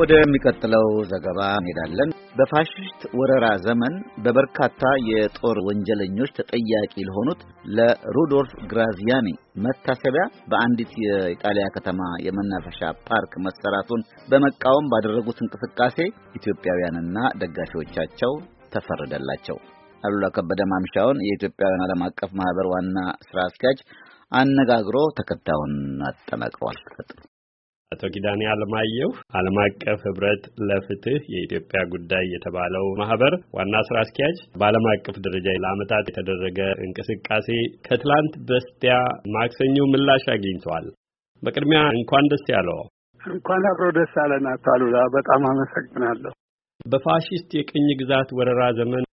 ወደሚቀጥለው ዘገባ እንሄዳለን። በፋሽስት ወረራ ዘመን በበርካታ የጦር ወንጀለኞች ተጠያቂ ለሆኑት ለሩዶልፍ ግራዚያኒ መታሰቢያ በአንዲት የኢጣሊያ ከተማ የመናፈሻ ፓርክ መሰራቱን በመቃወም ባደረጉት እንቅስቃሴ ኢትዮጵያውያንና ደጋፊዎቻቸው ተፈረደላቸው። አሉላ ከበደ ማምሻውን የኢትዮጵያውያን ዓለም አቀፍ ማህበር ዋና ስራ አስኪያጅ አነጋግሮ ተከታዩን አጠናቅሯል። አቶ ኪዳኔ አለማየሁ ዓለም አቀፍ ህብረት ለፍትህ የኢትዮጵያ ጉዳይ የተባለው ማህበር ዋና ስራ አስኪያጅ፣ በዓለም አቀፍ ደረጃ ለአመታት የተደረገ እንቅስቃሴ ከትላንት በስቲያ ማክሰኞ ምላሽ አግኝተዋል። በቅድሚያ እንኳን ደስ ያለው። እንኳን አብሮ ደስ አለን አቶ አሉላ፣ በጣም አመሰግናለሁ። በፋሽስት የቅኝ ግዛት ወረራ ዘመን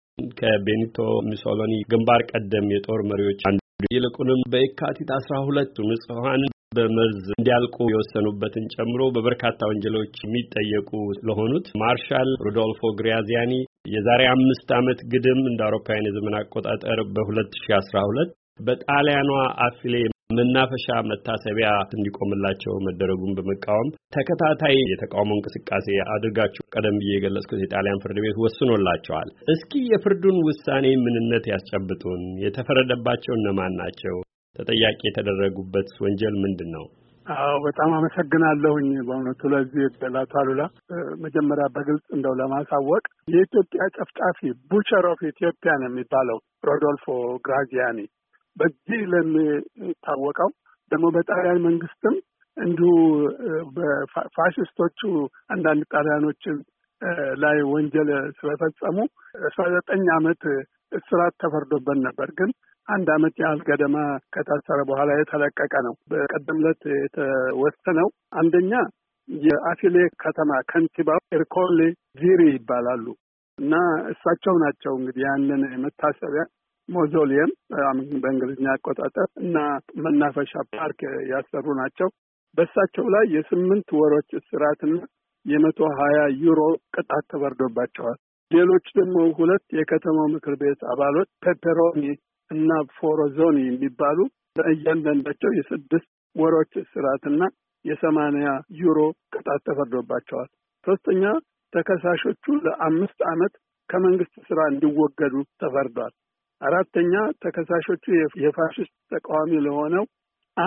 ከቤኒቶ ሙሶሎኒ ግንባር ቀደም የጦር መሪዎች አንዱ ይልቁንም በየካቲት አስራ ሁለቱ ንጹሐን በመርዝ እንዲያልቁ የወሰኑበትን ጨምሮ በበርካታ ወንጀሎች የሚጠየቁ ለሆኑት ማርሻል ሩዶልፎ ግሪያዚያኒ የዛሬ አምስት ዓመት ግድም እንደ አውሮፓውያን የዘመን አቆጣጠር በ2012 በጣሊያኗ አፊሌ መናፈሻ መታሰቢያ እንዲቆምላቸው መደረጉን በመቃወም ተከታታይ የተቃውሞ እንቅስቃሴ አድርጋችሁ ቀደም ብዬ የገለጽኩት የጣሊያን ፍርድ ቤት ወስኖላቸዋል። እስኪ የፍርዱን ውሳኔ ምንነት ያስጨብጡን። የተፈረደባቸው እነማን ናቸው? ተጠያቂ የተደረጉበት ወንጀል ምንድን ነው? አዎ በጣም አመሰግናለሁኝ በእውነቱ ለዚህ ገላቱ አሉላ መጀመሪያ በግልጽ እንደው ለማሳወቅ የኢትዮጵያ ጨፍጫፊ ቡቸር ኦፍ ኢትዮጵያ ነው የሚባለው ሮዶልፎ ግራዚያኒ በዚህ ለሚታወቀው ደግሞ በጣሊያን መንግስትም እንዲሁ በፋሽስቶቹ አንዳንድ ጣሊያኖችን ላይ ወንጀል ስለፈጸሙ አስራ ዘጠኝ ዓመት እስራት ተፈርዶበት ነበር ግን አንድ ዓመት ያህል ገደማ ከታሰረ በኋላ የተለቀቀ ነው። በቀደም ዕለት የተወሰነው አንደኛ የአፊሌ ከተማ ከንቲባ ኤርኮሌ ዚሪ ይባላሉ እና እሳቸው ናቸው እንግዲህ ያንን መታሰቢያ ሞዞሊየም በእንግሊዝኛ አቆጣጠር እና መናፈሻ ፓርክ ያሰሩ ናቸው። በእሳቸው ላይ የስምንት ወሮች እስራትና የመቶ ሀያ ዩሮ ቅጣት ተበርዶባቸዋል። ሌሎች ደግሞ ሁለት የከተማው ምክር ቤት አባሎች ፔፐሮኒ እና ፎሮዞኒ የሚባሉ በእያንዳንዳቸው የስድስት ወሮች እስራትና የሰማንያ ዩሮ ቅጣት ተፈርዶባቸዋል። ሶስተኛ ተከሳሾቹ ለአምስት ዓመት ከመንግስት ስራ እንዲወገዱ ተፈርዷል። አራተኛ ተከሳሾቹ የፋሽስት ተቃዋሚ ለሆነው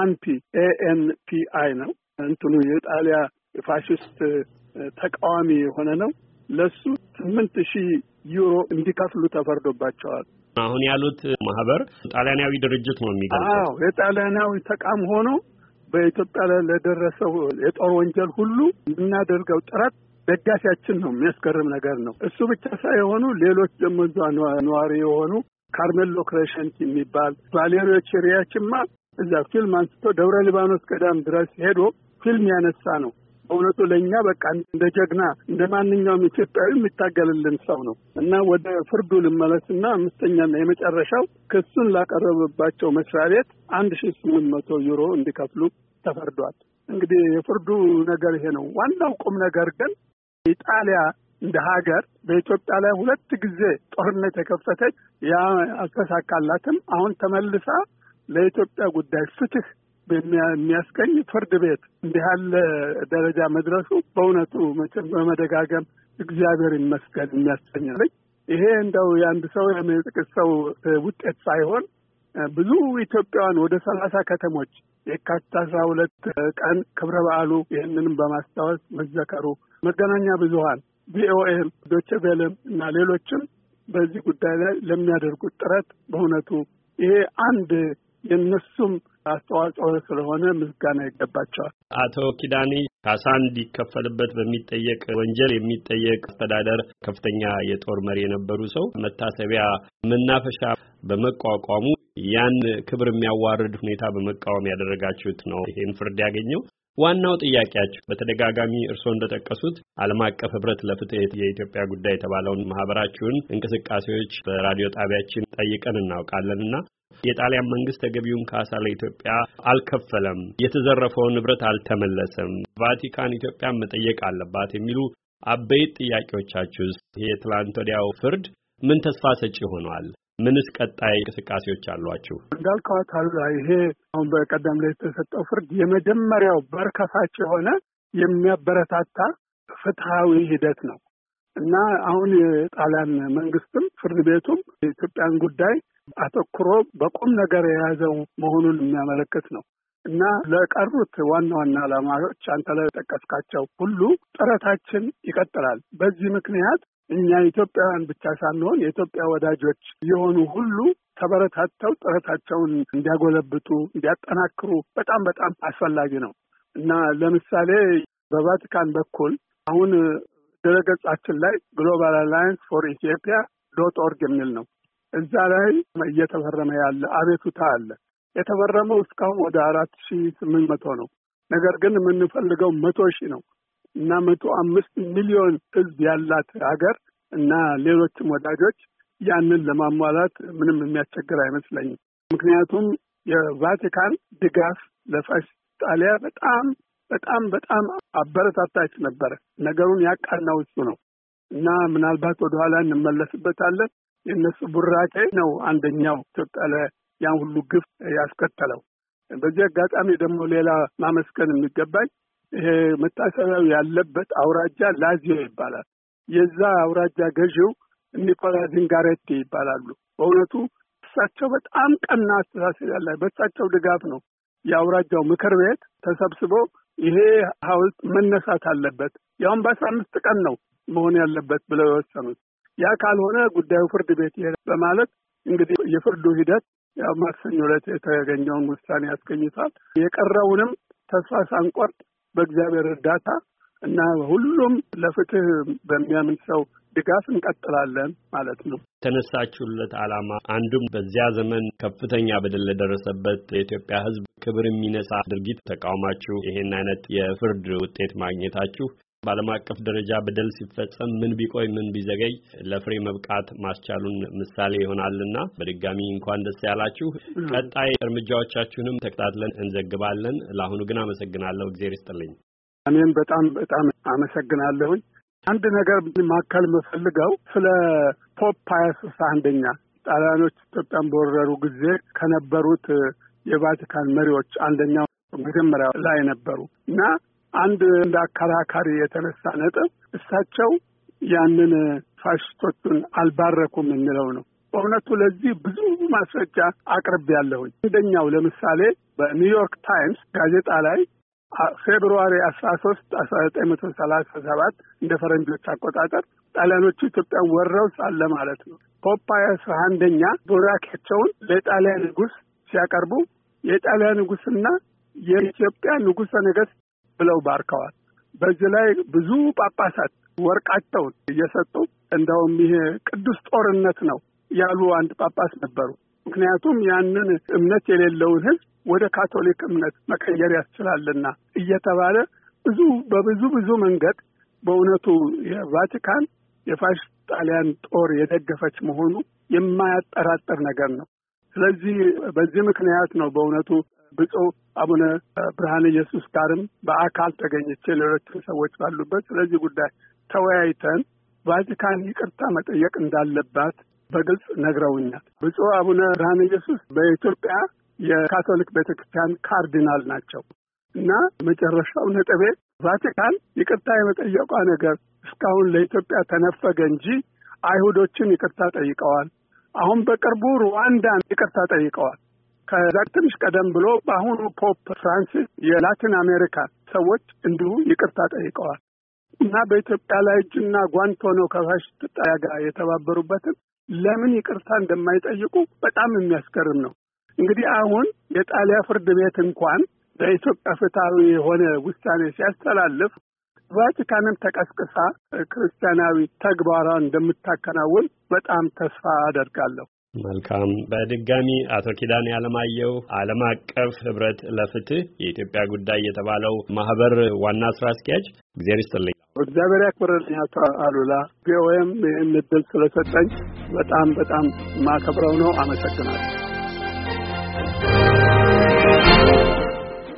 አንፒ ኤኤንፒአይ ነው እንትኑ የጣሊያ የፋሽስት ተቃዋሚ የሆነ ነው። ለሱ ስምንት ሺህ ዩሮ እንዲከፍሉ ተፈርዶባቸዋል። አሁን ያሉት ማህበር ጣሊያናዊ ድርጅት ነው የሚገልጸው። የጣሊያናዊ ተቋም ሆኖ በኢትዮጵያ ላይ ለደረሰው የጦር ወንጀል ሁሉ የምናደርገው ጥረት ደጋፊያችን ነው። የሚያስገርም ነገር ነው። እሱ ብቻ ሳይሆኑ ሌሎች ደግሞ እዛ ነዋሪ የሆኑ ካርሜሎ ክሬሸንት የሚባል ቫሌሪዮ ቼሪያችማ እዛ ፊልም አንስቶ ደብረ ሊባኖስ ገዳም ድረስ ሄዶ ፊልም ያነሳ ነው። በእውነቱ ለእኛ በቃ እንደ ጀግና እንደ ማንኛውም ኢትዮጵያዊ የሚታገልልን ሰው ነው እና ወደ ፍርዱ ልመለስና አምስተኛና የመጨረሻው ክሱን ላቀረበባቸው መስሪያ ቤት አንድ ሺ ስምንት መቶ ዩሮ እንዲከፍሉ ተፈርዷል። እንግዲህ የፍርዱ ነገር ይሄ ነው። ዋናው ቁም ነገር ግን ኢጣሊያ እንደ ሀገር በኢትዮጵያ ላይ ሁለት ጊዜ ጦርነት የከፈተች ያ አልተሳካላትም። አሁን ተመልሳ ለኢትዮጵያ ጉዳይ ፍትህ የሚያስቀኝ ፍርድ ቤት እንዲህ ያለ ደረጃ መድረሱ በእውነቱ መቼም በመደጋገም እግዚአብሔር ይመስገን የሚያሰኝ ይሄ እንደው የአንድ ሰው የጥቂት ሰው ውጤት ሳይሆን ብዙ ኢትዮጵያውያን ወደ ሰላሳ ከተሞች የካቲት አስራ ሁለት ቀን ክብረ በዓሉ ይህንንም በማስታወስ መዘከሩ መገናኛ ብዙሀን ቪኦኤም፣ ዶቼ ቬለም እና ሌሎችም በዚህ ጉዳይ ላይ ለሚያደርጉት ጥረት በእውነቱ ይሄ አንድ የነሱም አስተዋጽኦ ስለሆነ ምስጋና ይገባቸዋል። አቶ ኪዳኔ ካሳ እንዲከፈልበት በሚጠየቅ ወንጀል የሚጠየቅ አስተዳደር ከፍተኛ የጦር መሪ የነበሩ ሰው መታሰቢያ መናፈሻ በመቋቋሙ ያን ክብር የሚያዋርድ ሁኔታ በመቃወም ያደረጋችሁት ነው ይህን ፍርድ ያገኘው። ዋናው ጥያቄያችሁ በተደጋጋሚ እርስዎ እንደጠቀሱት ዓለም አቀፍ ህብረት ለፍትህ የኢትዮጵያ ጉዳይ የተባለውን ማህበራችሁን እንቅስቃሴዎች በራዲዮ ጣቢያችን ጠይቀን እናውቃለንና የጣሊያን መንግስት ተገቢውን ካሳ ለኢትዮጵያ አልከፈለም፣ የተዘረፈው ንብረት አልተመለሰም፣ ቫቲካን ኢትዮጵያን መጠየቅ አለባት የሚሉ አበይት ጥያቄዎቻችሁ ይሄ ወዲያው ፍርድ ምን ተስፋ ሰጪ ሆኗል? ምንስ ቀጣይ እንቅስቃሴዎች አሏችሁ? እንዳልከው አታሉላ ይሄ አሁን በቀደም ላይ የተሰጠው ፍርድ የመጀመሪያው በር የሆነ የሚያበረታታ ፍትሐዊ ሂደት ነው እና አሁን የጣሊያን መንግስትም ፍርድ ቤቱም የኢትዮጵያን ጉዳይ አተኩሮ በቁም ነገር የያዘው መሆኑን የሚያመለክት ነው እና ለቀሩት ዋና ዋና ዓላማዎች አንተ ላይ ሁሉ ጥረታችን ይቀጥላል። በዚህ ምክንያት እኛ ኢትዮጵያውያን ብቻ ሳንሆን የኢትዮጵያ ወዳጆች የሆኑ ሁሉ ተበረታተው ጥረታቸውን እንዲያጎለብቱ፣ እንዲያጠናክሩ በጣም በጣም አስፈላጊ ነው እና ለምሳሌ በቫቲካን በኩል አሁን ድረገጻችን ላይ ግሎባል አላያንስ ፎር ኢትዮጵያ ዶት ኦርግ የሚል ነው እዛ ላይ እየተፈረመ ያለ አቤቱታ አለ። የተፈረመው እስካሁን ወደ አራት ሺ ስምንት መቶ ነው። ነገር ግን የምንፈልገው መቶ ሺህ ነው እና መቶ አምስት ሚሊዮን ህዝብ ያላት ሀገር እና ሌሎችም ወዳጆች ያንን ለማሟላት ምንም የሚያስቸግር አይመስለኝም። ምክንያቱም የቫቲካን ድጋፍ ለፋሽ ጣሊያ በጣም በጣም በጣም አበረታታች ነበረ። ነገሩን ያቃናው እሱ ነው እና ምናልባት ወደኋላ እንመለስበታለን። የእነሱ ቡራቄ ነው አንደኛው ኢትዮጵያ ላይ ያን ሁሉ ግፍ ያስከተለው። በዚህ አጋጣሚ ደግሞ ሌላ ማመስገን የሚገባኝ ይሄ መታሰቢያው ያለበት አውራጃ ላዚዮ ይባላል። የዛ አውራጃ ገዢው ኒኮላ ዚንጋሬቲ ይባላሉ። በእውነቱ እሳቸው በጣም ቀና አስተሳሰብ ያለ፣ በእሳቸው ድጋፍ ነው የአውራጃው ምክር ቤት ተሰብስቦ ይሄ ሐውልት መነሳት አለበት ያውም በአስራ አምስት ቀን ነው መሆን ያለበት ብለው የወሰኑት ያ ካልሆነ ጉዳዩ ፍርድ ቤት በማለት እንግዲህ የፍርዱ ሂደት ያው ማክሰኞ ዕለት የተገኘውን ውሳኔ ያስገኝቷል። የቀረውንም ተስፋ ሳንቆርጥ በእግዚአብሔር እርዳታ እና ሁሉም ለፍትህ በሚያምን ሰው ድጋፍ እንቀጥላለን ማለት ነው። ተነሳችሁለት ዓላማ አንዱም በዚያ ዘመን ከፍተኛ በደል ለደረሰበት የኢትዮጵያ ሕዝብ ክብር የሚነሳ ድርጊት ተቃውማችሁ ይሄን አይነት የፍርድ ውጤት ማግኘታችሁ በዓለም አቀፍ ደረጃ በደል ሲፈጸም ምን ቢቆይ ምን ቢዘገይ ለፍሬ መብቃት ማስቻሉን ምሳሌ ይሆናልና በድጋሚ እንኳን ደስ ያላችሁ። ቀጣይ እርምጃዎቻችሁንም ተከታትለን እንዘግባለን። ለአሁኑ ግን አመሰግናለሁ። እግዜር ይስጥልኝ። እኔም በጣም በጣም አመሰግናለሁኝ። አንድ ነገር ማከል የምፈልገው ስለ ፖፕ ሀያ አንደኛ ጣሊያኖች ኢትዮጵያን በወረሩ ጊዜ ከነበሩት የቫቲካን መሪዎች አንደኛው መጀመሪያ ላይ ነበሩ እና አንድ እንደ አከራካሪ የተነሳ ነጥብ እሳቸው ያንን ፋሽስቶቹን አልባረኩም የሚለው ነው። በእውነቱ ለዚህ ብዙ ማስረጃ አቅርብ ያለሁኝ። አንደኛው ለምሳሌ በኒውዮርክ ታይምስ ጋዜጣ ላይ ፌብሩዋሪ አስራ ሶስት አስራ ዘጠኝ መቶ ሰላሳ ሰባት እንደ ፈረንጆች አቆጣጠር ጣሊያኖቹ ኢትዮጵያን ወረው ሳለ ማለት ነው ፖፓይ አንደኛ ቡራኬያቸውን ለጣሊያን ንጉስ ሲያቀርቡ የጣሊያ ንጉስና የኢትዮጵያ ንጉሠ ነገስት ብለው ባርከዋል። በዚህ ላይ ብዙ ጳጳሳት ወርቃቸውን እየሰጡ እንደውም ይሄ ቅዱስ ጦርነት ነው ያሉ አንድ ጳጳስ ነበሩ። ምክንያቱም ያንን እምነት የሌለውን ሕዝብ ወደ ካቶሊክ እምነት መቀየር ያስችላልና እየተባለ ብዙ በብዙ ብዙ መንገድ በእውነቱ የቫቲካን የፋሽስት ጣሊያን ጦር የደገፈች መሆኑ የማያጠራጥር ነገር ነው። ስለዚህ በዚህ ምክንያት ነው በእውነቱ ብፁዕ አቡነ ብርሃነ ኢየሱስ ጋርም በአካል ተገኝቼ ሌሎችም ሰዎች ባሉበት ስለዚህ ጉዳይ ተወያይተን ቫቲካን ይቅርታ መጠየቅ እንዳለባት በግልጽ ነግረውኛል። ብፁዕ አቡነ ብርሃነ ኢየሱስ በኢትዮጵያ የካቶሊክ ቤተክርስቲያን ካርዲናል ናቸው እና መጨረሻው ነጥቤ ቫቲካን ይቅርታ የመጠየቋ ነገር እስካሁን ለኢትዮጵያ ተነፈገ እንጂ አይሁዶችን ይቅርታ ጠይቀዋል። አሁን በቅርቡ ሩዋንዳን ይቅርታ ጠይቀዋል። ከዛ ትንሽ ቀደም ብሎ በአሁኑ ፖፕ ፍራንሲስ የላቲን አሜሪካ ሰዎች እንዲሁ ይቅርታ ጠይቀዋል እና በኢትዮጵያ ላይ እጅና ጓንት ሆነው ከፋሽስት ጣያ ጋር የተባበሩበትን ለምን ይቅርታ እንደማይጠይቁ በጣም የሚያስገርም ነው። እንግዲህ አሁን የጣሊያ ፍርድ ቤት እንኳን በኢትዮጵያ ፍትሐዊ የሆነ ውሳኔ ሲያስተላልፍ ቫቲካንም ተቀስቅሳ ክርስቲያናዊ ተግባሯን እንደምታከናውን በጣም ተስፋ አደርጋለሁ። መልካም በድጋሚ አቶ ኪዳን ያለማየው አለም አቀፍ ህብረት ለፍትህ የኢትዮጵያ ጉዳይ የተባለው ማህበር ዋና ስራ አስኪያጅ እግዚአብሔር ይስጥልኝ። እግዚአብሔር ያክብርልኝ አቶ አሉላ። ቪኦኤም ይህን እድል ስለሰጠኝ በጣም በጣም ማከብረው ነው። አመሰግናለሁ።